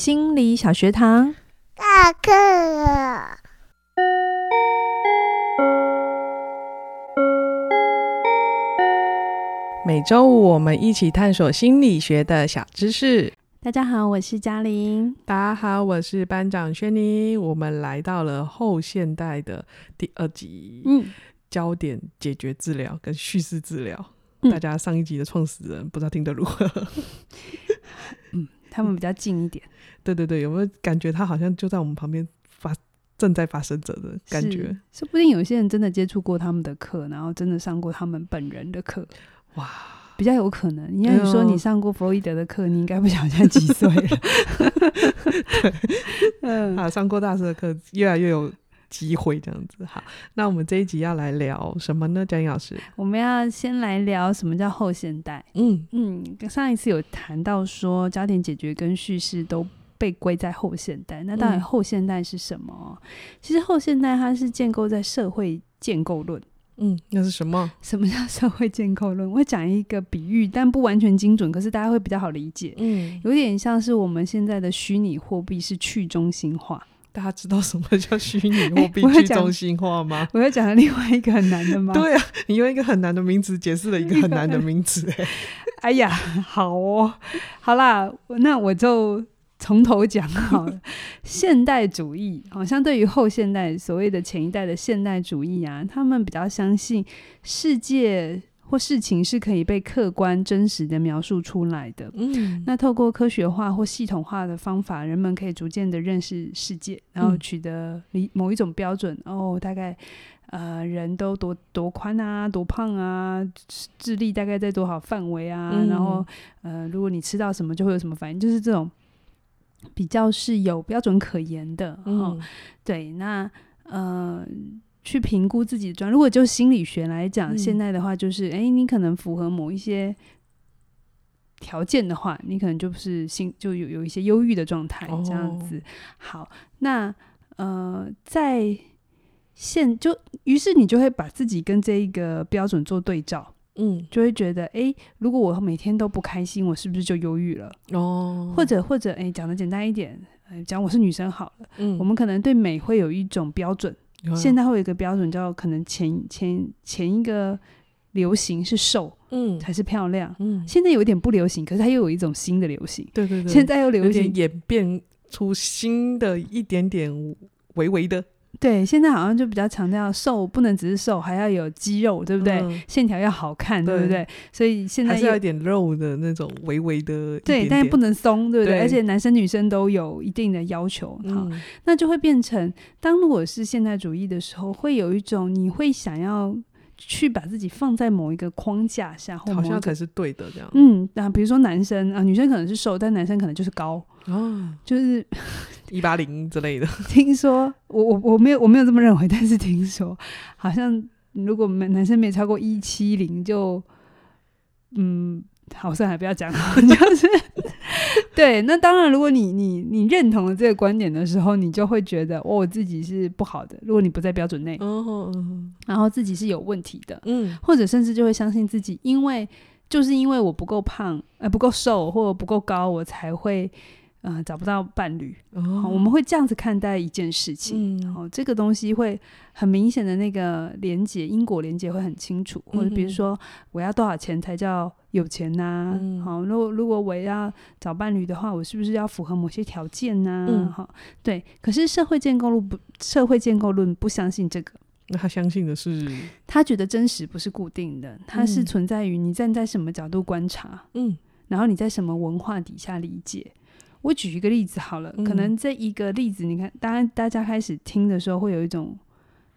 心理小學堂，下課，每周五我們一起探索心理學的小知識。大家好，我是嘉玲。大家好，我是班長軒妮，我們來到了後現代的第二集，嗯、焦點解決治療跟敘事治療、嗯。大家上一集的創始人不知道聽得如何、嗯。 他們比較近一點、嗯，對對對，有沒有感覺他好像就在我們旁邊發正在發生着的感覺是？說不定有些人真的接觸過他們的課，然後真的上過他們本人的課，哇，比較有可能。因為說你上過弗洛伊德的課，呃，你應該不想像幾歲了 啊？上過大師的課，越來越有。機會這樣子好，那我們這一集要來聊什麼呢，張影老師？我們要先來聊什麼叫後現代。嗯嗯，上一次有談到說焦點解決跟敘事都被歸在後現代，那到底後現代是什麼、嗯？其實後現代它是建構在社會建構論。嗯，那是什麼？什麼叫社會建構論？我講一個比喻，但不完全精準，可是大家會比較好理解。嗯，有點像是我們現在的虛擬貨幣是去中心化。大家知道什麼叫虛擬貨幣去中心化嗎？欸、我要講另外一個很難的嗎？對啊，你用一個很難的名詞解釋了一個很難的名詞、欸。哎呀，好哦，好啦，那我就從頭講好了。 現代主義好像、哦、對於後現代所謂的前一代的現代主義啊，他們比較相信世界。或事情是可以被客觀真實的描述出來的、嗯。那透過科學化或系統化的方法，人們可以逐漸的認識世界，然後取得某一種標準。嗯、哦，大概，呃，人都多多寬啊，多胖啊，智力大概在多少範圍啊、嗯。然後，呃，如果你吃到什麼就會有什麼反應，就是這種比較是有標準可言的。哦、嗯，對，那呃。去評估自己的狀態，如果就心理學來講、嗯，現在的話就是。哎、欸，你可能符合某一些條件的話，你可能就是心就有，有一些憂鬱的狀態這樣子。哦、好，那呃，在現就，於是你就會把自己跟這一個標準做對照，嗯，就會覺得，哎、欸，如果我每天都不開心，我是不是就憂鬱了？哦，或者或者，哎、欸，講得簡單一點，講我是女生好了、嗯，我們可能對美會有一種標準。現在會有一個標準，叫可能前前前一個流行是瘦，嗯，才是漂亮，嗯。現在有一點不流行，可是它又有一種新的流行，對對對。現在又流行，有點演變出新的一點點微微的。對，現在好像就比較強調瘦，不能只是瘦，還要有肌肉，對不對？嗯、線條要好看，對不對？對，所以現在還是要一點肉的那種，微微的一點點。對，但是不能鬆，對不對？對。而且男生女生都有一定的要求，好、嗯，那就會變成，當如果是現代主義的時候，會有一種你會想要。去把自己放在某一個框架下，架好像才是對的這樣。嗯，啊，比如說男生啊，女生可能是瘦，但男生可能就是高，啊，就是一八零之類的。聽說我我我沒有我沒有這麼認為，但是聽說好像如果沒男生沒超過一七零就嗯。好算了，不要講，就是 對。那當然，如果你你你認同了這個觀點的時候，你就會覺得我、哦、我自己是不好的。如果你不在標準內、嗯嗯，然後自己是有問題的，嗯，或者甚至就會相信自己，因為就是因為我不夠胖，呃、不夠瘦，或者不夠高，我才會。嗯，找不到伴侶、嗯哦，我們會這樣子看待一件事情，然、嗯哦、這個東西會很明顯的那個連接因果連接會很清楚，或者比如說我要多少錢才叫有錢吶、啊？好、嗯哦，如果如果我要找伴侶的話，我是不是要符合某些條件、啊、嗯，好、哦，對，可是社會建構論不，社會建構論不相信這個，那他相信的是，他覺得真實不是固定的，他是存在於你站在什麼角度觀察，嗯，然後你在什麼文化底下理解。我舉一個例子好了，嗯、可能這一個例子，你看，當然大家開始聽的時候會有一種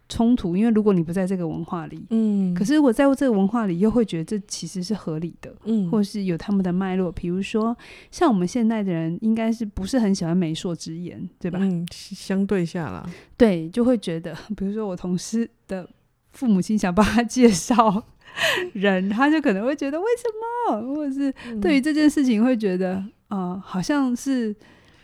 衝突，因為如果你不在這個文化裡，嗯，可是如果在這個文化裡，又會覺得這其實是合理的，嗯，或是有他們的脈絡。比如說，像我們現代的人，應該是不是很喜歡媒妁之言，對吧？嗯，相對下了，對，就會覺得，比如說我同事的父母親想幫他介紹人，他就可能會覺得為什麼，或者是對於這件事情會覺得。呃，好像是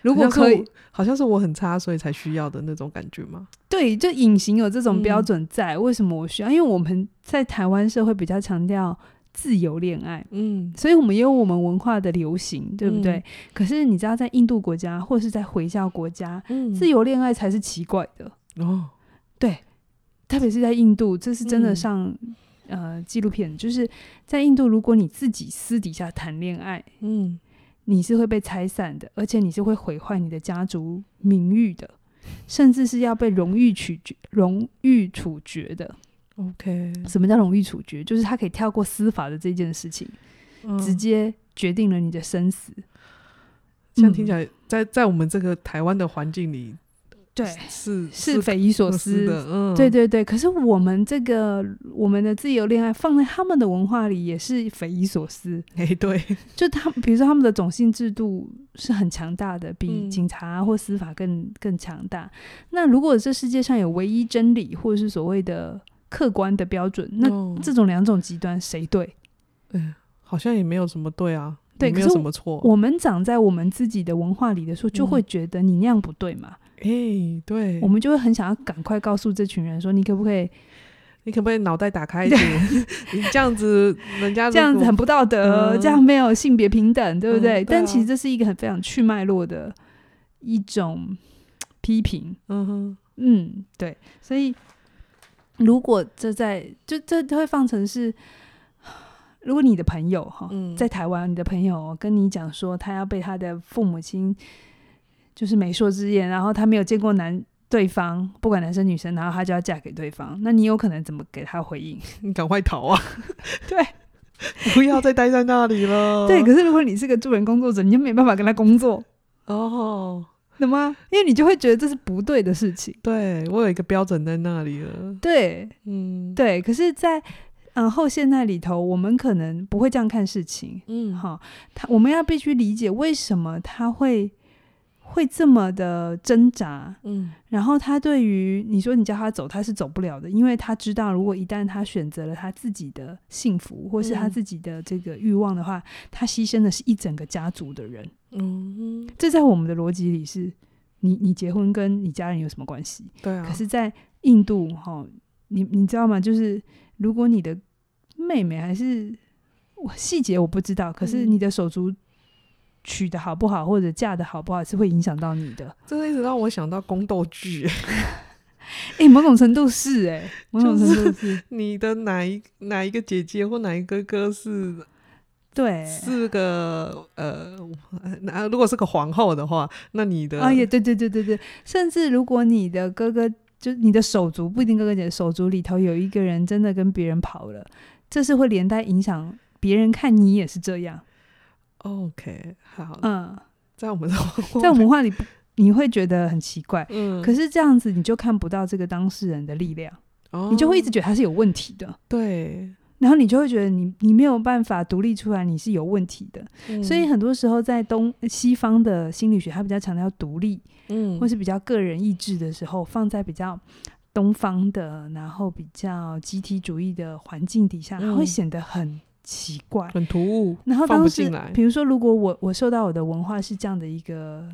如果可以，好像是我很差，所以才需要的那種感覺嗎？對，就隱形有這種標準在，嗯，為什麼我需要？因為我們在台灣社會比較強調自由戀愛，嗯，所以我們也有我們文化的流行，對不對？嗯，可是你知道，在印度國家或者是在回教國家，嗯、自由戀愛才是奇怪的哦。對，特別是在印度，這是真的上，上，嗯、呃紀錄片，就是在印度，如果你自己私底下談戀愛，嗯。你是會被拆散的，而且你是會毀壞你的家族名譽的，甚至是要被榮譽取決、榮譽處決的。OK，什麼叫榮譽處決？就是他可以跳過司法的這件事情，嗯、直接決定了你的生死。嗯、像聽起來，在在我們這個台灣的環境裡。對，是是匪夷所思，是思的，嗯，對對對。可是我們這個我們的自由戀愛放在他們的文化裡也是匪夷所思。誒，對，就他比如說他們的種姓制度是很強大的，比警察或司法更、嗯、更強大。那如果這世界上有唯一真理或者是所謂的客觀的標準，那這種兩種極端誰對？嗯，好像也沒有什麼對啊，對，沒有什麼錯。我們長在我們自己的文化裡的時候，就會覺得你那樣不對嘛。嗯哎、欸，對，我們就會很想要趕快告訴這群人說：“你可不可以，你可不可以腦袋打開一點？ 你這樣子，人家這樣子很不道德，嗯、這樣沒有性別平等，對不對？嗯、對啊。但其實這是一個很非常去脈絡的一種批評。嗯哼嗯，對。所以如果這在就這會放成是，如果你的朋友哈、嗯，在台灣你的朋友跟你講說，他要被他的父母親。”就是媒妁之言，然後他沒有見過男對方，不管男生女生，然後他就要嫁給對方。那你有可能怎麼給他回應？你趕快逃啊！ 對， 不要再待在那裡了。 對，可是如果你是個助人工作者，你就沒辦法跟他工作哦。怎、oh. 麼？因為你就會覺得這是不對的事情。對，我有一個標準在那裡了。對，嗯，對。可是在，在嗯後現代裡頭，我們可能不會這樣看事情。嗯，哈，他我們要必須理解為什麼他會。會這麼的掙扎，嗯，然後他對於你說你叫他走，他是走不了的，因為他知道，如果一旦他選擇了他自己的幸福，或是他自己的這個慾望的話，嗯，他犧牲的是一整個家族的人，嗯，這在我們的邏輯裡是你，你你結婚跟你家人有什麼關係？對啊，可是，在印度哈，哦，你你知道嗎？就是如果你的妹妹還是我細節我不知道，可是你的手足。娶的好不好，或者嫁的好不好，是會影響到你的。這是一直讓我想到宮鬥劇。誒、 欸，某種程度是誒、欸就是，某種程度是你的哪一哪一個姐姐或哪一個哥哥是？對，是個呃，那如果是個皇後的話，那你的啊也對對對對對，甚至如果你的哥哥，就你的手足，不一定哥哥姐手足裡頭有一個人真的跟別人跑了，這是會連帶影響別人看你也是這樣。OK，還好。嗯，在我們的在我們文化裡，你會覺得很奇怪。嗯，可是這樣子你就看不到這個當事人的力量，哦、你就會一直覺得他是有問題的。對，然後你就會覺得你你沒有辦法獨立出來，你是有問題的、嗯。所以很多時候在東西方的心理學，它比較強調獨立，嗯，或是比較個人意志的時候，放在比較東方的，然後比較集體主義的環境底下，嗯、它會顯得很。奇怪，很突兀，然後當時，比如說，如果我我受到我的文化是這樣的一個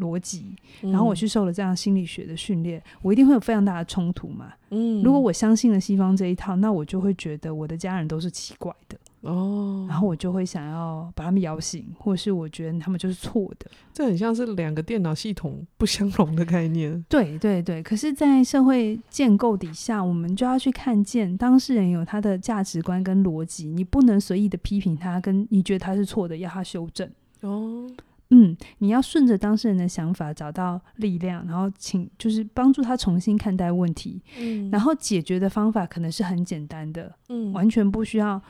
邏輯，然後我去受了這樣心理學的訓練，嗯，我一定會有非常大的衝突嘛。嗯，如果我相信了西方這一套，那我就會覺得我的家人都是奇怪的。哦，然後我就會想要把他們搖醒，或是我覺得他們就是錯的。這很像是兩個電腦系統不相容的概念。嗯，對對對，可是，在社會建構底下，我們就要去看見當事人有他的價值觀跟邏輯，你不能隨意的批評他，跟你覺得他是錯的，要他修正。哦，嗯，你要順着當事人的想法找到力量，然後請就是幫助他重新看待問題，嗯。然後解決的方法可能是很簡單的，嗯，完全不需要。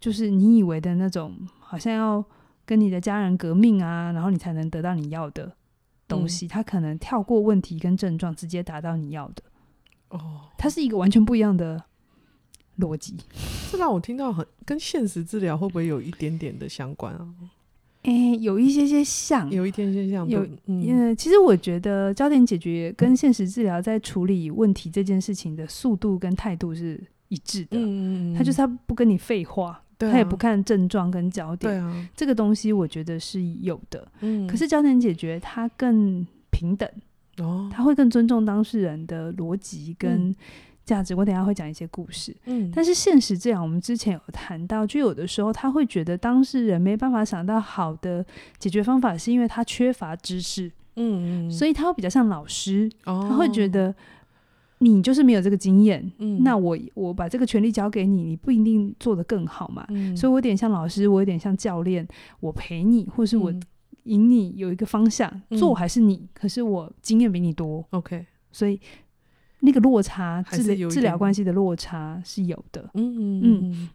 就是你以為的那種，好像要跟你的家人革命啊，然後你才能得到你要的東西。它、嗯、可能跳過問題跟症狀，直接達到你要的。哦，它是一個完全不一樣的邏輯。這讓我聽到很跟現實治療會不會有一點點的相關啊？欸、有一些些像，有一些些像，有因為、嗯嗯、其實我覺得焦點解決跟現實治療在處理問題這件事情的速度跟態度是一致的。嗯，他就是他不跟你廢話。他也不看症狀跟焦點，對啊，這個東西我覺得是有的。嗯、可是焦點解決他更平等，哦、他會更尊重當事人的邏輯跟價值、嗯。我等下會講一些故事、嗯，但是現實這樣，我們之前有談到，就有的時候他會覺得當事人沒辦法想到好的解決方法，是因為他缺乏知識，嗯，所以他會比較像老師，哦、他會覺得。你就是沒有這個經驗，嗯，那我我把這個權利交給你，你不一定做得更好嘛，嗯，所以我有點像老師，我有點像教練，我陪你，或是我引你有一個方向，嗯，做，還是你，可是我經驗比你多，OK，嗯，所以那個落差，點點治療治療關係的落差是有的，嗯嗯嗯，嗯，嗯，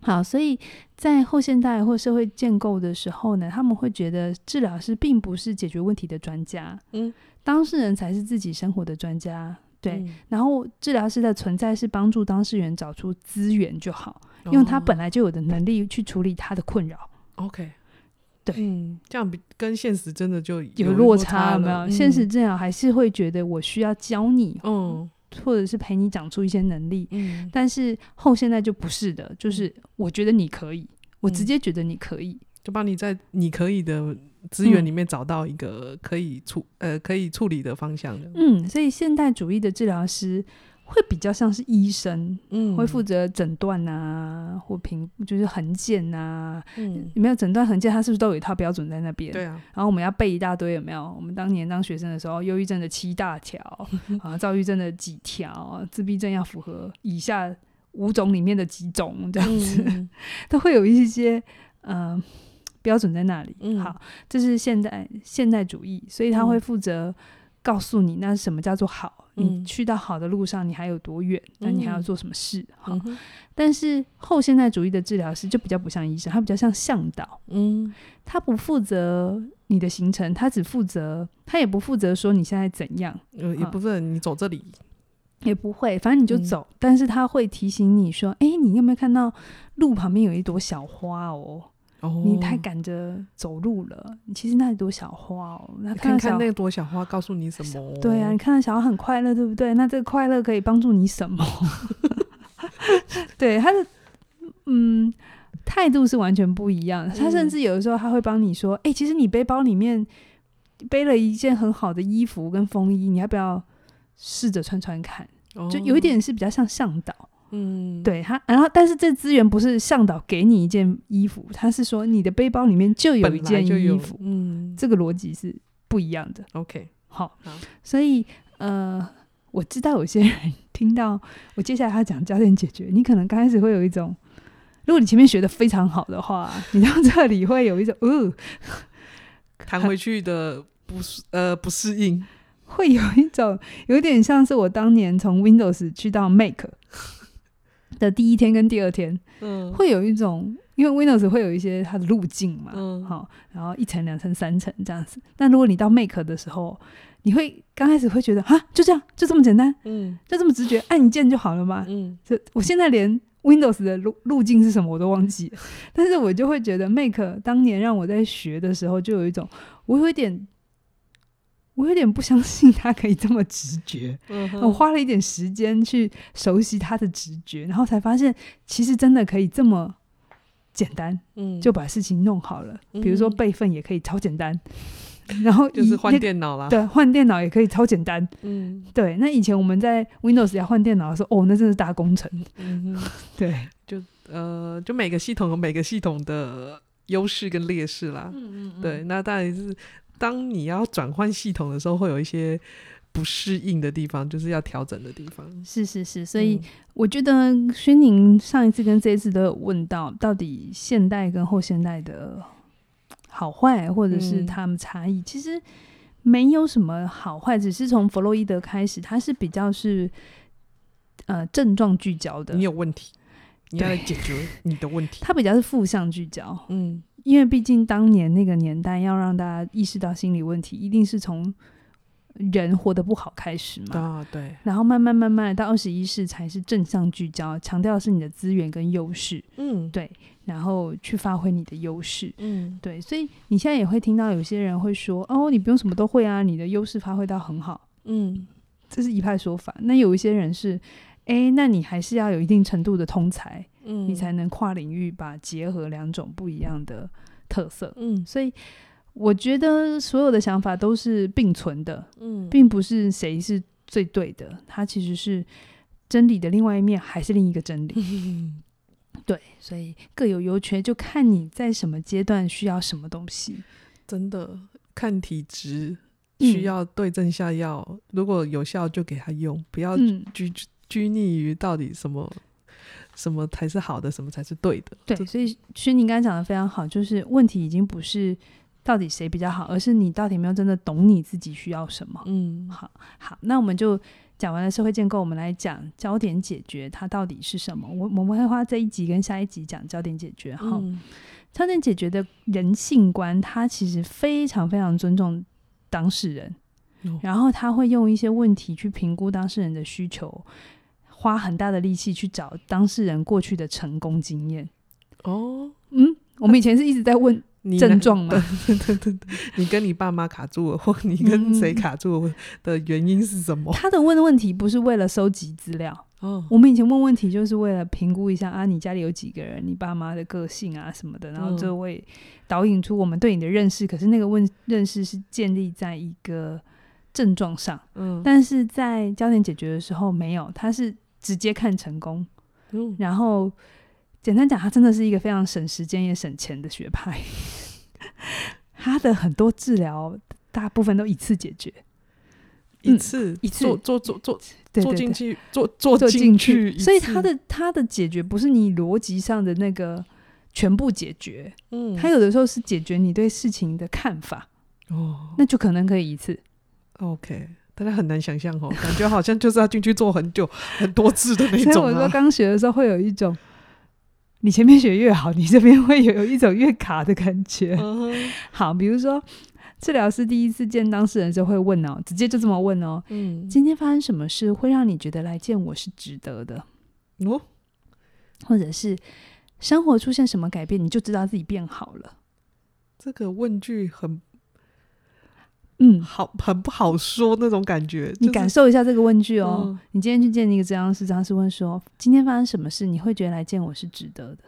好，所以在後現代或社會建構的時候呢，他們會覺得治療師並不是解決問題的專家，嗯，當事人才是自己生活的專家。對，然後治療師的存在是幫助當事人找出資源就好，因、嗯、為他本來就有的能力去處理他的困擾。OK，、嗯、對，這樣比跟現實真的就有落差了，有落差，有沒有？現實這樣還是會覺得我需要教你，嗯，或者是陪你長出一些能力、嗯。但是後現代就不是的，就是我覺得你可以，嗯、我直接覺得你可以，嗯、就把你在你可以的資源裡面找到一個可以處、嗯、呃，可以處理的方向的。嗯，所以現代主義的治療師會比較像是醫生，嗯，會負責診斷啊，或評就是衡鑑啊，嗯，有沒有診斷衡鑑？他是不是都有一套標準在那邊？對啊。然後我們要背一大堆有沒有？我們當年當學生的時候，憂鬱症的七大條啊， 躁鬱症的幾條，自閉症要符合以下五種裡面的幾種這樣子，嗯、 都會有一些嗯。呃標準在那裡、嗯，好，這是現代現代主義，所以他會負責告訴你那是什麼叫做好、嗯。你去到好的路上，你還有多遠？那、嗯啊、你還要做什麼事？好，嗯、但是後現代主義的治療師就比較不像醫生，他比較像向導。嗯，他不負責你的行程，他只負責，他也不負責說你現在怎樣。呃、嗯啊，也不是你走這裡，也不會，反正你就走。嗯、但是他會提醒你說：“誒、欸，你有沒有看到路旁邊有一朵小花？”哦。你太趕着走路了。其實那朵小花哦，喔，那看看那朵小花告訴你什麼，喔？對啊，你看那小花很快樂，對不對？那這個快樂可以幫助你什麼？ 對，他的嗯態度是完全不一樣的。他甚至有的時候他會幫你說，哎、嗯欸，其實你背包裡面背了一件很好的衣服跟風衣，你要不要試着穿穿看，哦？就有一點是比較像向導。嗯，對他，然後但是這資源不是嚮導給你一件衣服，他是說你的背包裡面就有一件衣服，嗯，這個邏輯是不一樣的。OK，好，啊、所以呃，我知道有些人聽到我接下來要講焦點解決，你可能剛開始會有一種，如果你前面學的非常好的話，你到這裡會有一種，呃，彈回去的不呃不適應，會有一種有點像是我當年從 Windows 去到 Mac。的第一天跟第二天，嗯，會有一種，因為 Windows 會有一些它的路徑嘛，好、嗯哦，然後一層、兩層、三層這樣子。但如果你到 Mac 的時候，你會剛開始會覺得，哈、啊，就這樣，就這麼簡單，嗯，就這麼直覺，按一鍵就好了嘛，嗯，這我現在連 Windows 的路路徑是什麼我都忘記了，嗯、但是我就會覺得 Mac 當年讓我在學的時候，就有一種，我有一點。我有點不相信他可以這麼直覺。我、嗯、花了一點時間去熟悉他的直覺，然後才發現其實真的可以這麼簡單，嗯、就把事情弄好了、嗯。比如說備份也可以超簡單，然後就是換電腦啦。對，換電腦也可以超簡單。嗯，對。那以前我們在 Windows 要換電腦的時候，哦，那真的是大工程。嗯、對。就呃，就每個系統有每個系統的優勢跟劣勢啦。嗯嗯嗯。對，那當然、就是。當你要轉換系統的時候，會有一些不適應的地方，就是要調整的地方。是是是，所以我覺得薛寧上一次跟這一次都有問到，到底現代跟後現代的好壞，或者是他們差異、嗯，其實沒有什麼好壞，只是從弗洛伊德開始，他是比較是呃症狀聚焦的，你有問題，你要來解決你的問題，他 比較是負向聚焦，嗯。因為畢竟當年那個年代，要讓大家意識到心理問題，一定是從人活得不好開始嘛。對啊，對。然後慢慢慢慢到二十一世，才是正向聚焦，強調是你的資源跟優勢。嗯，對。然後去發揮你的優勢。嗯，對。所以你現在也會聽到有些人會說：“哦，你不用什麼都會啊，你的優勢發揮到很好。”嗯，這是一派說法。那有一些人是：“哎，那你還是要有一定程度的通才。”嗯，你才能跨領域把結合兩種不一樣的特色。嗯，所以我覺得所有的想法都是並存的。嗯，並不是誰是最對的，它其實是真理的另外一面，還是另一個真理。嗯、對，所以各有優缺，就看你在什麼階段需要什麼東西。真的看體質，需要對症下藥，嗯，如果有效就給他用，不要拘，嗯、拘泥於到底什麼。什麼才是好的？什麼才是對的？對，所以其實你剛剛講得非常好，就是問題已經不是到底誰比較好，而是你到底沒有真的懂你自己需要什麼。嗯，好好，那我們就講完了社會建構，我們來講焦點解決，它到底是什麼？我我們會花這一集跟下一集講焦點解決。哈、嗯，焦點解決的人性觀，它其實非常非常尊重當事人，哦、然後他會用一些問題去評估當事人的需求。花很大的力氣去找當事人過去的成功經驗哦，嗯，我們以前是一直在問症狀嘛，對對對，你跟你爸媽卡住了，或、 嗯、你跟誰卡住了的原因是什麼？他的問的問題不是為了收集資料、哦、我們以前問問題就是為了評估一下啊，你家裡有幾個人，你爸媽的個性啊什麼的，然後就會導引出我們對你的認識。可是那個問認識是建立在一個症狀上，嗯，但是在焦點解決的時候沒有，他是。直接看成功，嗯、然後簡單講，他真的是一個非常省時間也省錢的學派。呵呵，他的很多治療，大部分都一次解決，一次、嗯、一次做做做做做進去，做做做進去。所以他的他的解決不是你邏輯上的那個全部解決，嗯，他有的時候是解決你對事情的看法哦，那就可能可以一次，OK。大家很難想象哦，感覺好像就是要進去坐很久， 很多次的那種，啊。所以我說，剛學的時候會有一種，你前面學越好，你這邊會有有一種越卡的感覺。嗯、好，比如說治療師第一次見當事人就會問哦，直接就這麼問哦，嗯，今天發生什麼事會讓你覺得來見我是值得的？哦，或者是生活出現什麼改變，你就知道自己變好了。這個問句很。嗯，好，很不好說那種感覺，就是。你感受一下這個問句哦。嗯，你今天去見一個張師，張師問說：“今天發生什麼事？”你會覺得來見我是值得的。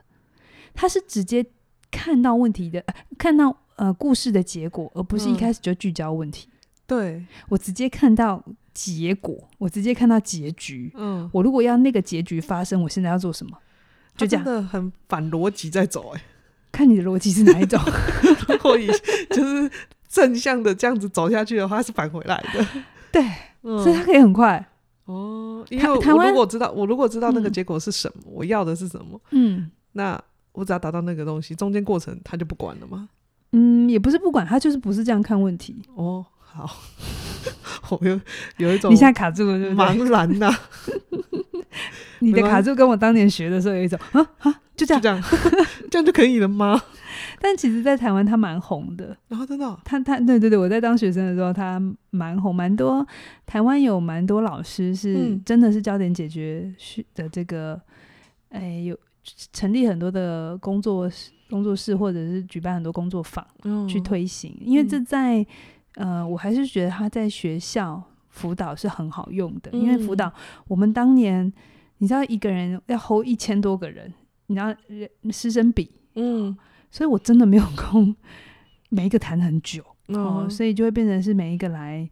他是直接看到問題的，呃、看到呃故事的結果，而不是一開始就聚焦問題，嗯。對，我直接看到結果，我直接看到結局。嗯，我如果要那個結局發生，我現在要做什麼？嗯，就這樣，真的很反邏輯在走，欸。誒，看你的邏輯是哪一種？ 我以就是。 正向的這樣子走下去的話，是返回來的。對，嗯、所以它可以很快哦。因為，我如果知道，我如果知道那個結果是什麼，嗯、我要的是什麼，嗯，那我只要達到那個東西，中間過程他就不管了嗎？嗯，也不是不管，他就是不是這樣看問題。哦，好， 我有有一種、啊，你現在卡住了對不對，茫然吶。你的卡住跟我當年學的時候有一種，啊 啊，就這樣，這樣， 這樣就可以了嗎？但其實，在台灣他蠻紅的然後、哦、真的、哦，他他對對對，我在當學生的時候，他蠻紅，蠻多台灣有蠻多老師是真的是焦點解決是的這個，哎、嗯，有成立很多的工作工作室，或者是舉辦很多工作坊去推行。嗯、因為這在、嗯、呃，我還是覺得他在學校輔導是很好用的，嗯、因為輔導我們當年你知道一個人要 hold 一千多個人，你知道師生比嗯。所以我真的沒有空，每一個談很久、嗯、哦，所以就會變成是每一個來，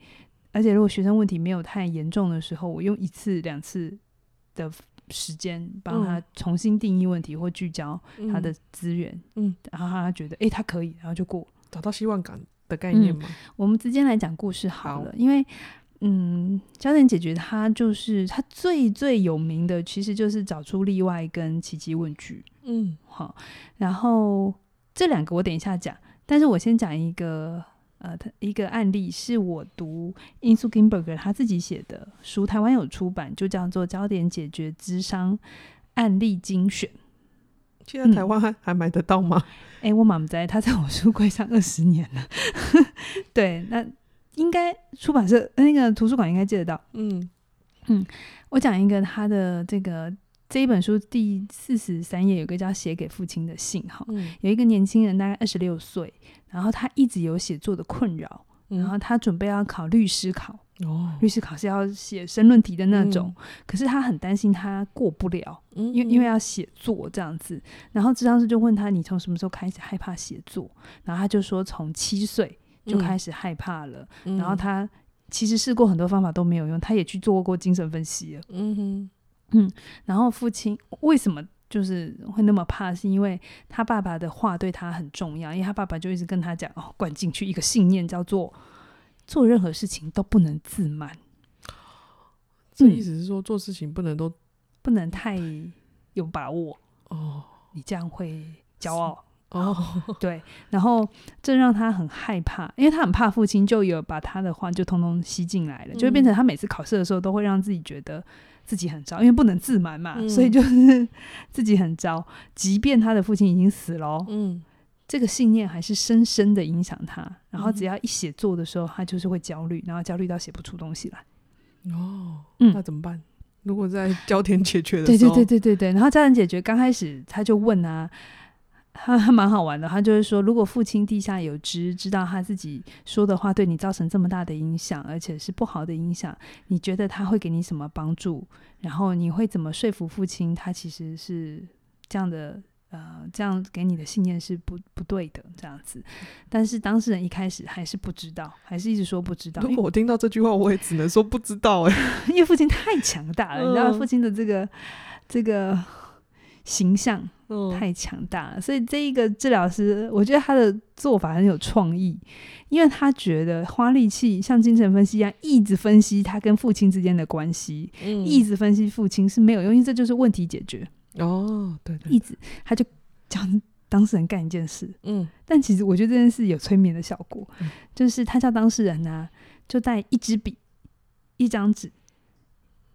而且如果學生問題沒有太嚴重的時候，我用一次兩次的時間幫他重新定義問題或聚焦他的資源，嗯，嗯，然後他覺得誒、欸，他可以，然後就過找到希望感的概念嘛、嗯。我們之間來講故事好了，好，因為嗯，焦點解決它就是它最最有名的，其實就是找出例外跟奇蹟問句，嗯，好、哦，然後。這兩個我等一下講，但是我先講一個呃，一個案例，是我讀 Insoo Kim Berg 他自己寫的書，台灣有出版，就叫做《焦點解決諮商案例精選》。現在台灣還、嗯、還，還買得到嗎？誒、欸，我媽在，他在我書櫃上二十年了。 對，那應該出版社那個圖書館應該借得到。嗯嗯，我講一個他的這個。這一本書第四十三頁有個叫《寫給父親的信號》，哈，嗯，有一個年輕人，大概二十六歲，然後他一直有寫作的困擾，嗯，然後他準備要考律師考，哦，律師考試要寫申論題的那種，嗯，可是他很擔心他過不了，嗯，因為因為要寫作這樣子，然後治療師就問他：“你從什麼時候開始害怕寫作？”然後他就說：“從七歲就開始害怕了。嗯”然後他其實試過很多方法都沒有用，他也去做過精神分析了嗯嗯，然後父親為什麼就是會那麼怕？是因為他爸爸的話對他很重要，因為他爸爸就一直跟他講哦，灌進去一個信念，叫做做任何事情都不能自滿。這意思是說，嗯、做事情不能都不能太有把握哦，Oh. 你這樣會驕傲哦。Oh. 對，然後這讓他很害怕，因為他很怕父親就有把他的話就通通吸進來了，嗯、就會變成他每次考試的時候都會讓自己覺得。自己很糟，因為不能自滿嘛、嗯，所以就是自己很糟。即便他的父親已經死了，嗯，這個信念還是深深的影響他。然後只要一寫作的時候，他就是會焦慮，然後焦慮到寫不出東西來、嗯。哦，那怎麼辦？嗯、如果在焦點解決的時候，對對對對對，然後焦點解決剛開始他就問啊。他還蠻好玩的，他就是說，如果父親地下有知，知道他自己說的話對你造成這麼大的影響，而且是不好的影響，你覺得他會給你什麼幫助？然後你會怎麼說服父親？他其實是這樣的，呃，這樣給你的信念是不不對的，這樣子。但是當事人一開始還是不知道，還是一直說不知道。如果我聽到這句話，我也只能說不知道、欸、哎，因為父親太強大了，呃、你知道父親的這個這個形象。嗯、太強大了，所以這一個治療師，我覺得他的做法很有創意，因為他覺得花力氣像精神分析一樣，一直分析他跟父親之間的關係、嗯，一直分析父親是沒有用，因為這就是問題解決。哦，對對、對，一直他就講當事人幹一件事，嗯，但其實我覺得這件事有催眠的效果，嗯、就是他叫當事人呢、啊，就帶一支筆、一張紙、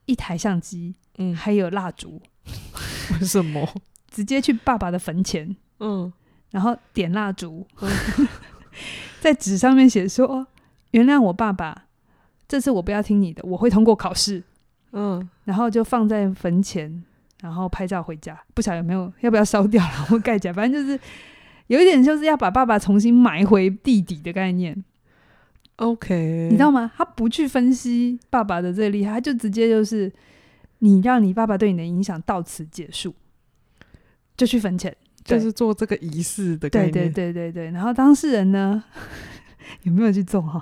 一台相機，嗯，還有蠟燭。為什麼？ 直接去爸爸的墳前，嗯，然後點蠟燭，嗯、 在紙上面寫說：“原諒我爸爸，這次我不要聽你的，我會通過考試。”嗯，然後就放在墳前，然後拍照回家。不曉得有沒有要不要燒掉，然後蓋起來。反正就是有一點，就是要把爸爸重新埋回地底的概念。OK，你知道嗎？他不去分析爸爸的最厲害，他就直接就是你讓你爸爸對你的影響到此結束。就去墳前，就是做這個儀式的概念。對對對對對。然後當事人呢， 有沒有去做哈、哦？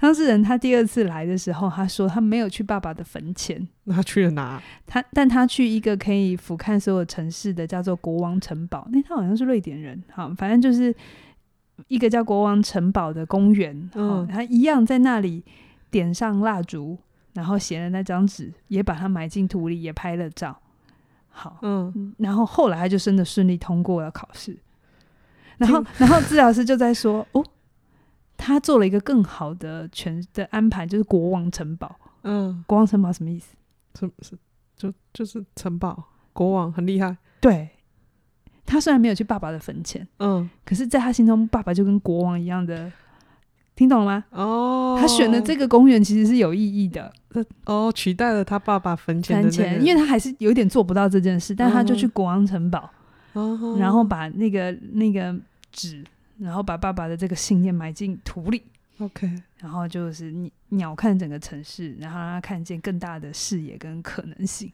當事人他第二次來的時候，他說他沒有去爸爸的墳前。那、嗯、他去了哪？他但他去一個可以俯瞰所有城市的叫做國王城堡。那、欸、他好像是瑞典人哈、哦，反正就是一個叫國王城堡的公園、哦。嗯，他一樣在那裡點上蠟燭，然後寫了那張紙，也把它埋進土裡，也拍了照。好，嗯，然後後來他就真的順利通過了考試，然後，嗯、然後治療師就在說， 哦，他做了一個更好的全的安排，就是國王城堡，嗯，國王城堡什麼意思？是不是就就是城堡，國王很厲害，對，他雖然沒有去爸爸的墳前，嗯，可是在他心中，爸爸就跟國王一樣的。聽懂了嗎？哦、oh,，他選的這個公園其實是有意義的。哦、oh,，取代了他爸爸墳前的、那個。墳前，因為他還是有點做不到這件事，但他就去國王城堡，oh. 然後把那個那個紙，然後把爸爸的這個信念埋進土裡。OK，然後就是鳥瞰整個城市，然後讓他看見更大的視野跟可能性。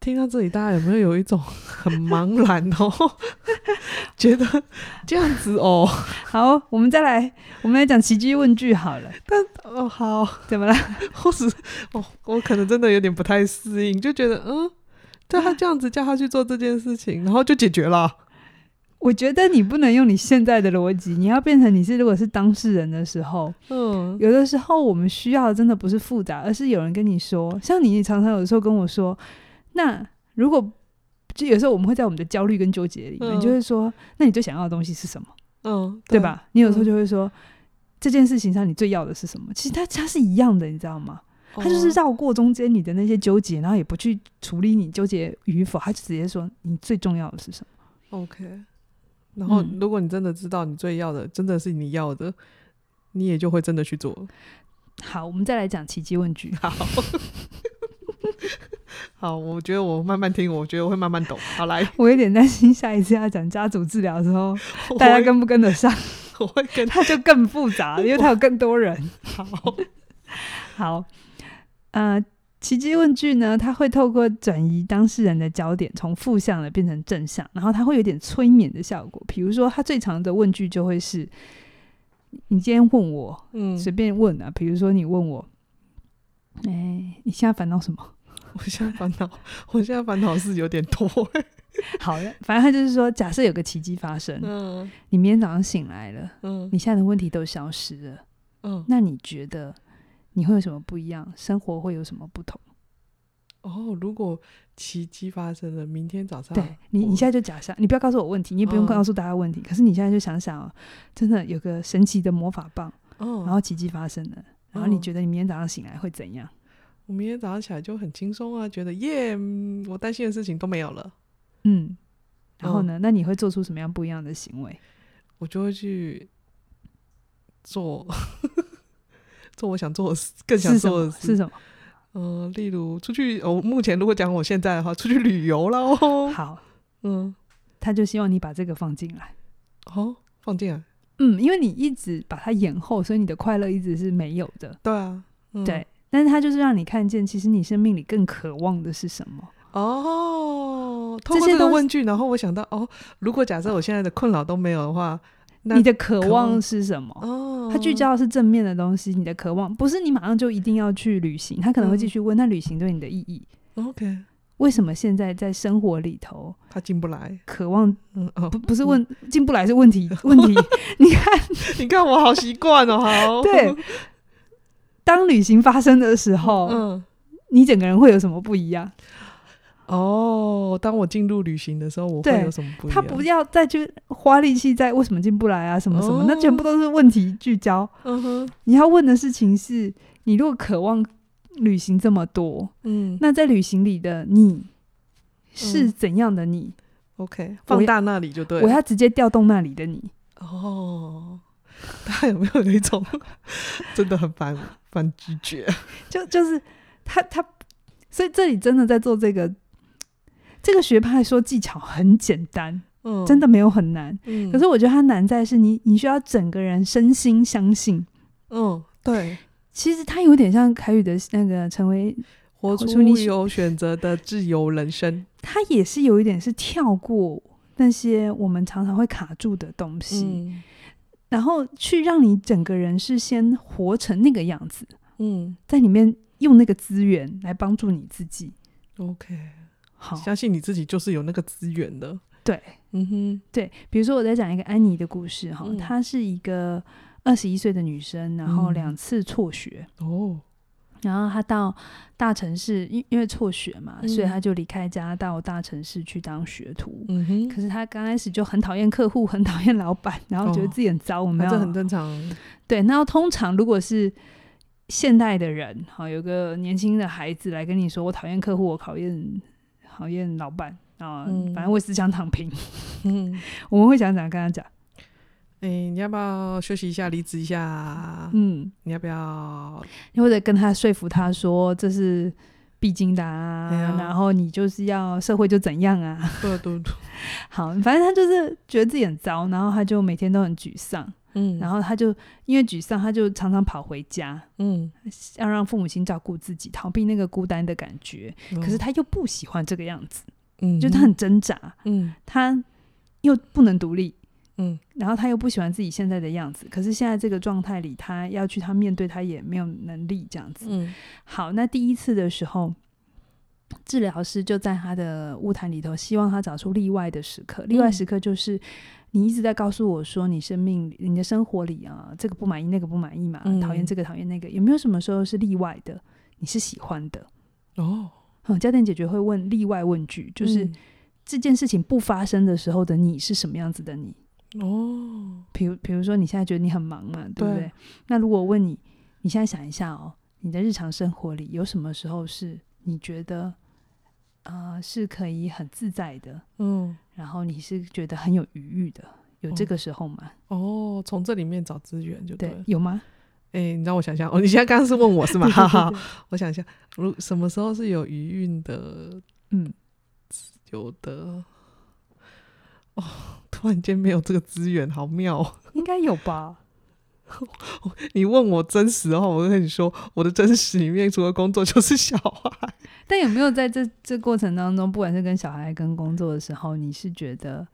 聽到這裡，大家有沒有有一種很茫然哦？ 覺得這樣子 哦？好，我們再來，我們來講奇蹟問句好了。但哦，好，怎麼了？或是哦，我可能真的有點不太適應，就覺得嗯，對他這樣子叫他去做這件事情， 然後就解決了。我覺得你不能用你現在的邏輯，你要變成你是如果是當事人的時候，嗯，有的時候我們需要的真的不是複雜，而是有人跟你說，像你常常有的時候跟我說。那如果就有時候我們會在我們的焦慮跟糾結裡面，嗯、就會說：那你最想要的東西是什麼？嗯，對，對吧？你有時候就會說、嗯、這件事情上你最要的是什麼？其實它它是一樣的，你知道嗎？哦、它就是繞過中間你的那些糾結，然後也不去處理你糾結與否，它就直接說，你最重要的是什麼？OK。然後、嗯、如果你真的知道你最要的真的是你要的，你也就會真的去做。好，我們再來講奇蹟問句。好。 好，我覺得我慢慢聽，我覺得我會慢慢懂。好，來，我有點擔心下一次要講家族治療的時候，大家跟不跟得上？我會跟，他就更複雜，因為他有更多人。好， 好，呃，奇蹟問句呢，他會透過轉移當事人的焦點，從負向的變成正向，然後他會有點催眠的效果。比如說，他最常的問句就會是：你今天問我，嗯，隨便問啊。比如說，你問我，哎、欸，你現在煩惱什麼？我現在煩惱，我現在煩惱是有點多。 好，反正他就是說，假設有個奇蹟發生，嗯，你明天早上醒來了，嗯，你現在的問題都消失了，嗯，那你覺得你會有什麼不一樣？生活會有什麼不同？哦，如果奇蹟發生了，明天早上，對、哦、你，你現在就假設，你不要告訴我問題，你也不用告訴大家問題，嗯，可是你現在就想想哦，真的有個神奇的魔法棒，嗯、然後奇蹟發生了，然後你覺得你明天早上醒來會怎樣？我明天早上起來就很輕鬆啊，覺得耶、yeah，我擔心的事情都沒有了。嗯，然後呢、嗯？那你會做出什麼樣不一樣的行為？我就會去做呵呵做我想做的事、更想做的事，是什麼？是什麼？呃，例如出去。我、哦、目前如果講我現在的話，出去旅遊了。好，嗯，他就希望你把這個放進來。哦，放進來。嗯，因為你一直把它延後，所以你的快樂一直是沒有的。對啊，嗯、對。但是他就是讓你看見，其實你生命裡更渴望的是什麼哦。通過這個、這些問句，然後我想到哦，如果假設我現在的困擾都沒有的話，你的渴望是什麼？哦，他聚焦的是正面的東西。你的渴望不是你馬上就一定要去旅行，他可能會繼續問、嗯、那旅行對你的意義、嗯。OK，為什麼現在在生活裡頭他進不來？渴望、嗯哦、不不是問進、嗯、不來是問題 問題。你看 你看我好習慣哦，好，對。當旅行發生的時候，嗯，你整個人會有什麼不一樣？哦，當我進入旅行的時候，我會有什麼不一樣？他不要再去花力氣在為什麼進不來啊，什麼什麼，哦，那全部都是問題聚焦，嗯哼。你要問的事情是，你如果渴望旅行這麼多，嗯，那在旅行裡的你是怎樣的你？OK，嗯，放大那裡就對了，我要直接調動那裡的你。哦。他有沒有那種 真的很煩煩 拒絕？就就是他他，所以這裡真的在做這個這個學派說技巧很簡單，嗯，真的沒有很難，嗯。可是我覺得它難在是你你需要整個人身心相信，嗯，對。其實它有點像凱宇的那個成為活出你有選擇的自由人生，它 也是有一點是跳過那些我們常常會卡住的東西。嗯然後去讓你整個人是先活成那個樣子，嗯，在裡面用那個資源來幫助你自己。OK，好，相信你自己就是有那個資源的。對，嗯哼，對。比如說，我在講一個安妮的故事哈、嗯，她是一個二十一歲的女生，然後兩次輟學、嗯、哦。然後他到大城市，因因為輟學嘛、嗯，所以他就離開家到大城市去當學徒。嗯、可是他剛開始就很討厭客戶，很討厭老闆，然後覺得自己很糟。我們這很正常。對，那通常如果是現代的人，哈、哦，有個年輕的孩子來跟你說：“我討厭客戶，我討厭討厭老闆啊、嗯，反正我只想躺平。嗯” 我們會想怎樣跟他講？哎、欸，你要不要休息一下、離職一下？嗯，你要不要？你或者跟他說服他說，這是必經的啊，欸、啊然後你就是要社會就怎樣啊，對啊，對啊，對啊。好，反正他就是覺得自己很糟，然後他就每天都很沮喪。嗯，然後他就因為沮喪，他就常常跑回家，嗯，要讓父母親照顧自己，逃避那個孤單的感覺、嗯。可是他又不喜歡這個樣子，嗯，就他很掙扎，嗯，他又不能獨立。嗯，然後他又不喜歡自己現在的樣子，可是現在這個狀態裡，他要去他面對他也沒有能力這樣子、嗯。好，那第一次的時候，治療師就在他的舞台裡頭，希望他找出例外的時刻、嗯。例外時刻就是你一直在告訴我說，你生命、你的生活裡啊，這個不滿意，那個不滿意嘛，嗯、討厭這個，討厭那個，有沒有什麼時候是例外的？你是喜歡的哦。嗯，焦點解決會問例外問句，就是、嗯、這件事情不發生的時候的你是什麼樣子的你？哦，比如，比如說，你現在覺得你很忙嘛、啊，對不對，對？那如果問你，你現在想一下哦、喔，你的日常生活裡有什麼時候是你覺得啊、呃、是可以很自在的？嗯，然後你是覺得很有餘裕的，有這個時候嗎？哦，從、哦、這裡面找資源就對，對，有嗎？哎、欸，你讓我想想哦，你現在剛剛是問我是嗎？哈 哈，我想一下，如什麼時候是有餘裕的？嗯，有的，哦。突然間沒有這個資源，好妙喔。應該有吧？ 你問我真實的話，我會跟你說，我的真實裡面除了工作就是小孩。但有沒有在這這過程當中，不管是跟小孩跟工作的時候，你是覺得，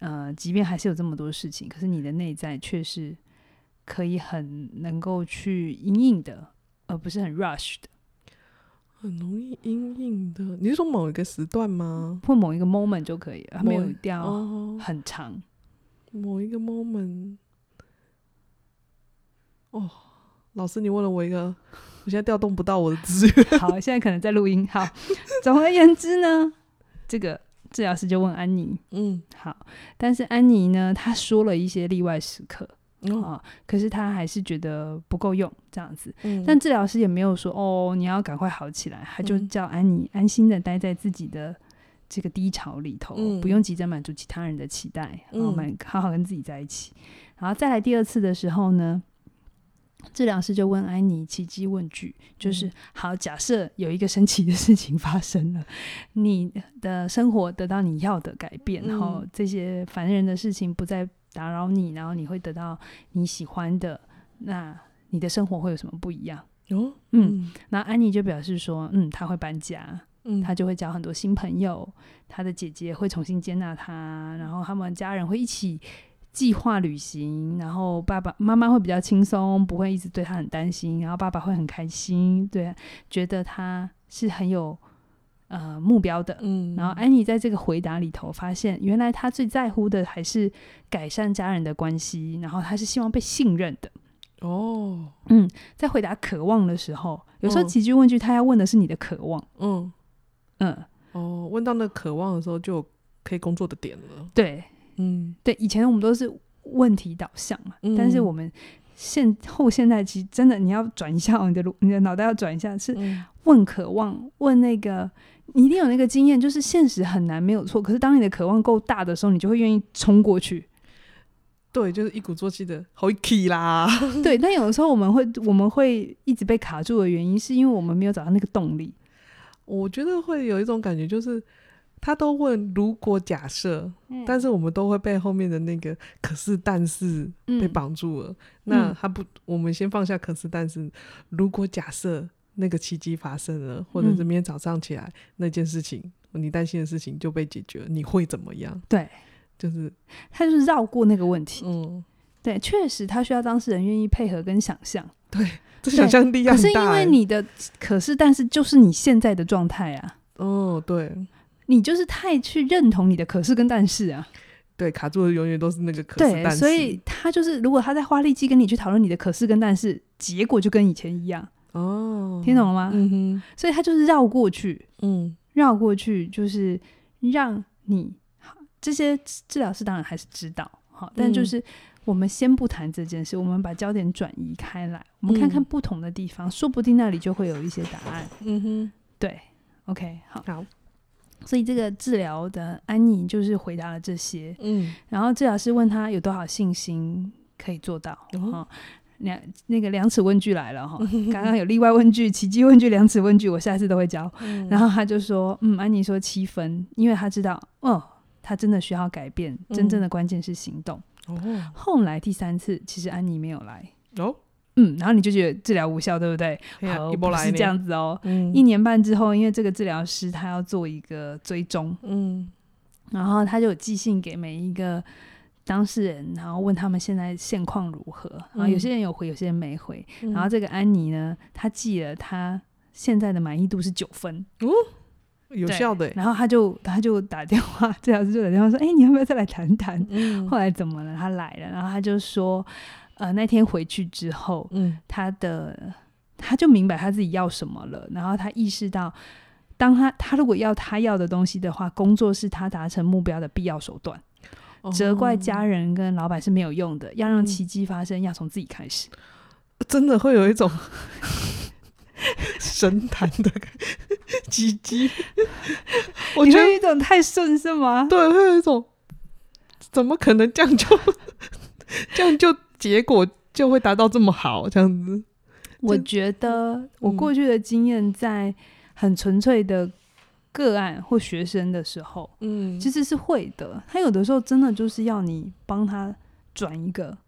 呃，即便還是有這麼多事情，可是你的內在卻是可以很能夠去因應的，而不是很 rush 的。很容易陰影的，你是說某一個時段嗎？或某一個 moment 就可以了，沒有掉很長。某一個 moment，哦，老師，你問了我一個，我現在調動不到我的資源。 好，現在可能在錄音。好，總而言之呢， 這個治療師就問安妮，嗯，好，但是安妮呢，她說了一些例外時刻。啊、嗯哦！可是他還是覺得不夠用，這樣子。嗯、但治療師也沒有說哦，你要趕快好起來。他就叫安妮安心的待在自己的這個低潮裡頭，嗯、不用急着滿足其他人的期待，我、嗯、們好好跟自己在一起。然後再來第二次的時候呢，嗯、治療師就問安妮奇蹟問句，就是、嗯、好，假設有一個神奇的事情發生了，你的生活得到你要的改變，嗯、然後這些煩人的事情不再。打擾你，然後你會得到你喜歡的，那你的生活會有什麼不一樣？哦、嗯，那、嗯、安妮就表示說，嗯，他會搬家，嗯，他就會交很多新朋友，他的姐姐會重新接納他，然後他們家人會一起計劃旅行，然後爸爸媽媽會比較輕鬆，不會一直對他很擔心，然後爸爸會很開心，對、啊，覺得他是很有。呃，目標的，嗯，然後，安妮在這個回答裡頭發現，原來他最在乎的還是改善家人的關係，然後他是希望被信任的。哦，嗯，在回答渴望的時候，有時候奇蹟問句，他要問的是你的渴望。嗯嗯，哦，問到那渴望的時候，就可以工作的點了。對，嗯，對，以前我們都是問題導向嘛，嗯、但是我們。現後現代期真的，你要轉一下哦，你的你的腦袋要轉一下，是問渴望。嗯，問那個，你一定有那個經驗，就是現實很難沒有錯，可是當你的渴望夠大的時候，你就會願意衝過去。對，就是一鼓作氣的好 o k e y 啦。 對，但有的時候我們會，我們會一直被卡住的原因，是因為我們沒有找到那個動力。我覺得會有一種感覺，就是。他都問，如果假設、嗯，但是我們都會被後面的那個可是但是被綁住了、嗯。那他不、嗯，我們先放下可是但是。如果假設那個奇蹟發生了，或者是明天早上起來、嗯、那件事情，你擔心的事情就被解決了，你會怎麼樣？對，就是他就是繞過那個問題。嗯，對，確實他需要當事人願意配合跟想象。對，這想象力大、欸、可是因為你的可是但是就是你現在的狀態啊。哦、嗯，對。你就是太去認同你的可是跟但是啊，對，卡住的永遠都是那個可是但是。所以他就是，如果他在花力氣跟你去討論你的可是跟但是，結果就跟以前一樣哦。聽懂了嗎？嗯哼，所以他就是繞過去，嗯，繞過去就是讓你這些治療師當然還是知道，好，但就是我們先不談這件事，我們把焦點轉移開來，我們看看不同的地方、嗯，說不定那裡就會有一些答案。嗯哼，對，OK，好。好。所以這個治療的安妮就是回答了這些，嗯、然後治療師問他有多少信心可以做到，兩、嗯哦、那,那個量尺問句來了哈，剛、哦、剛 有例外問句、奇蹟問句、量尺問句，我下次都會教。嗯、然後他就說，嗯，安妮說七分，因為他知道，哦，他真的需要改變，真正的關鍵是行動。哦、嗯，後來第三次其實安妮沒有來。哦嗯，然後你就覺得治療無效，對不對？好不，來的不是這樣子哦、嗯。一年半之後，因為這個治療師他要做一個追蹤，嗯，然後他就寄信給每一個當事人，然後問他們現在現況如何。然後有些人有回，嗯、有些人沒回、嗯。然後這個安妮呢，她寄了，她現在的滿意度是九分，哦，有效的。然後他就他就打電話，治療師就打電話說：“哎，你要不要再來談談、嗯？”後來怎麼了？他來了，然後他就說。呃，那天回去之後，嗯，他的他就明白他自己要什麼了。然後他意識到，當他他如果要他要的東西的話，工作是他達成目標的必要手段。哦、責怪家人跟老板是沒有用的，要讓奇蹟發生，嗯、要從自己開始。真的會有一種 神壇壇的奇蹟，我覺得有一種太順是嗎？ 對，會有一種怎麼可能這樣就這樣 就？結果就會達到這麼好這樣子，我覺得我過去的經驗，在很純粹的個案或學生的時候，嗯，其實是會的。他有的時候真的就是要你幫他轉一個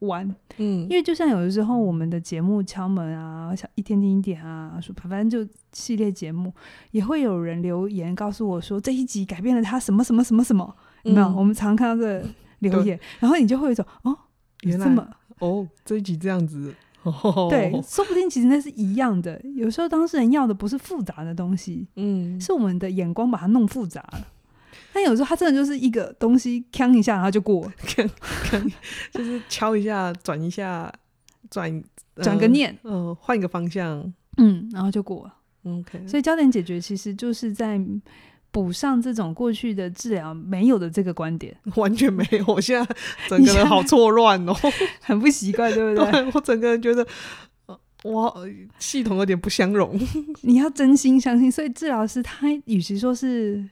彎，嗯，因為就像有的時候我們的節目敲門啊，像、嗯、一天聽一點啊，說反正就系列節目也會有人留言告訴我說這一集改變了他什麼什麼什麼什麼，有沒有，那、嗯、我們常常看到這留言，然後你就會有一種哦。原來哦，這一集這樣子，對， 說不定其實那是一樣的。有時候當事人要的不是複雜的東西，嗯，是我們的眼光把它弄複雜了。但有時候他真的就是一個東西敲一下，然後就過， 就是敲一下轉 一下轉、呃、轉個念，嗯、呃，換一個方向，嗯，然後就過了。OK，所以焦點解決其實就是在。補上這種過去的治療沒有的這個觀點，完全沒有。我現在整個人好錯亂哦， 很不習慣，對不對？對，我整個人覺得我系統有點不相容。 你要真心相信，所以治療師他與其說是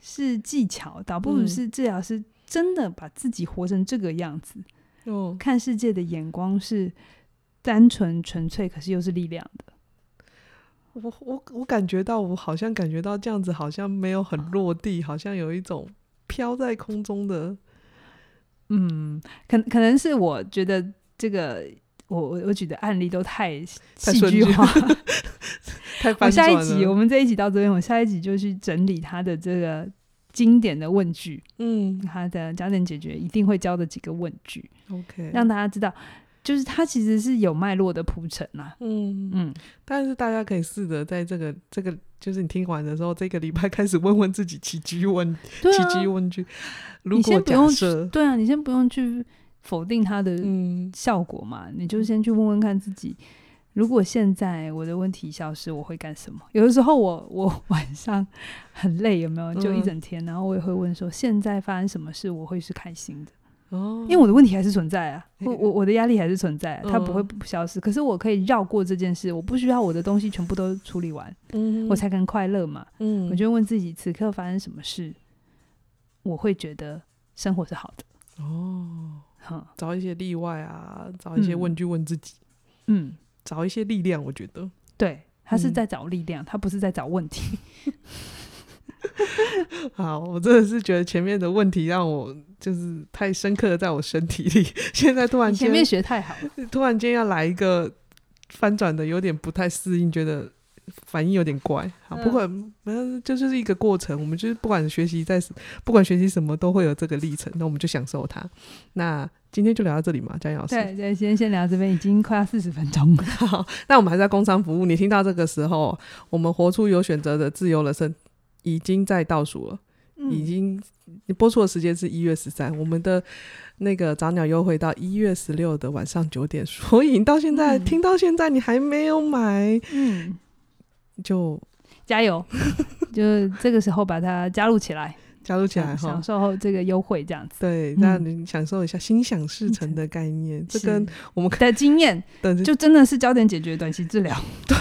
是技巧，倒不如是治療師真的把自己活成這個樣子，嗯，看世界的眼光是單純純粹，可是又是力量的。我我我感覺到，我好像感覺到這樣子，好像沒有很落地，哦、好像有一種飄在空中的，嗯，可能可能是我覺得這個我我我舉的案例都太戲劇化。太， 太誇張了。我下一集，我們這一集到這邊，我下一集就去整理他的這個經典的問句，嗯，他的焦點解決一定會教的幾個問句，OK，讓大家知道。就是它其實是有脈絡的鋪陳吶，嗯嗯，但是大家可以試着在這個這個，就是你聽完的時候，這個禮拜開始問問自己起，奇蹟問，奇蹟問句。如果你先不用對啊，你先不用去否定它的效果嘛，嗯，你就先去問問看自己，如果現在我的問題消失，我會幹什麼？有的時候我我晚上很累，有沒有？就一整天，然後我也會問說，現在發生什麼事，我會是開心的。因為我的問題還是存在啊，欸、我我我的壓力還是存在，啊，它不會不消失，嗯。可是我可以繞過這件事，我不需要我的東西全部都處理完，嗯，我才更快樂嘛。嗯，我就問自己，此刻發生什麼事，我會覺得生活是好的。哦，哈、嗯，找一些例外啊，找一些問句問自己嗯，嗯，找一些力量。我覺得，對，他是在找力量，嗯，他不是在找問題。 好，我真的是覺得前面的問題讓我。就是太深刻的在我身體裡，現在突然間。你前面學太好，突然間要來一個翻轉的，有點不太適應，覺得反應有點怪。好，不管，反正，呃，就是一個過程。我們就是不管學習在，不管學習什麼，都會有這個歷程。那我們就享受它。那今天就聊到這裡嘛，江老師。對對，先先聊這邊，已經快要四十分鐘了。 那我們還在工商服務，你聽到這個時候，我們活出有選擇的自由人生已經在倒數了。已經，你播出的時間是一月十三、嗯，我們的那個早鳥優惠到一月十六的晚上九點，所以你到現在、嗯、聽到現在你還沒有買，嗯、就加油， 就這個時候把它加入起來。 加入起來哈，享受這個優惠，這樣子對、嗯，那你享受一下心想事成的概念。嗯、這跟、個、我們的經驗，對，就真的是焦點解決短期治療。對，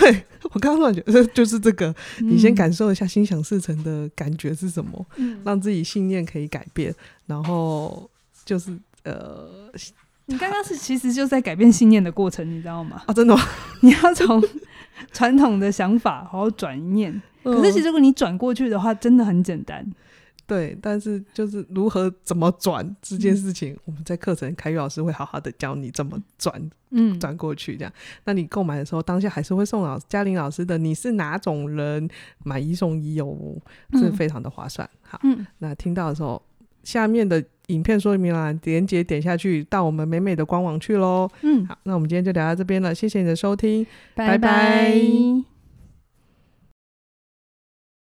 我剛剛感覺就是這個、嗯，你先感受一下心想事成的感覺是什麼，嗯、讓自己信念可以改變，然後就是呃，你剛剛是其實就在改變信念的過程、嗯，你知道嗎？啊，真的嗎，你要從傳統的想法好好轉念、嗯。可是其實如果你轉過去的話，真的很簡單。對，但是就是如何怎麼轉這件事情，嗯、我們在課程，凱宇老師會好好的教你怎麼轉、嗯，轉過去這樣。那你購買的時候，當下還是會送老師嘉玲老師的，你是哪種人，買一送一哦，這非常的划算。嗯、好、嗯，那聽到的時候，下面的影片說明欄、啊，連結點下去到我們美美的官網去嘍。嗯，好，那我們今天就聊到這邊了，謝謝你的收聽，拜拜。拜拜。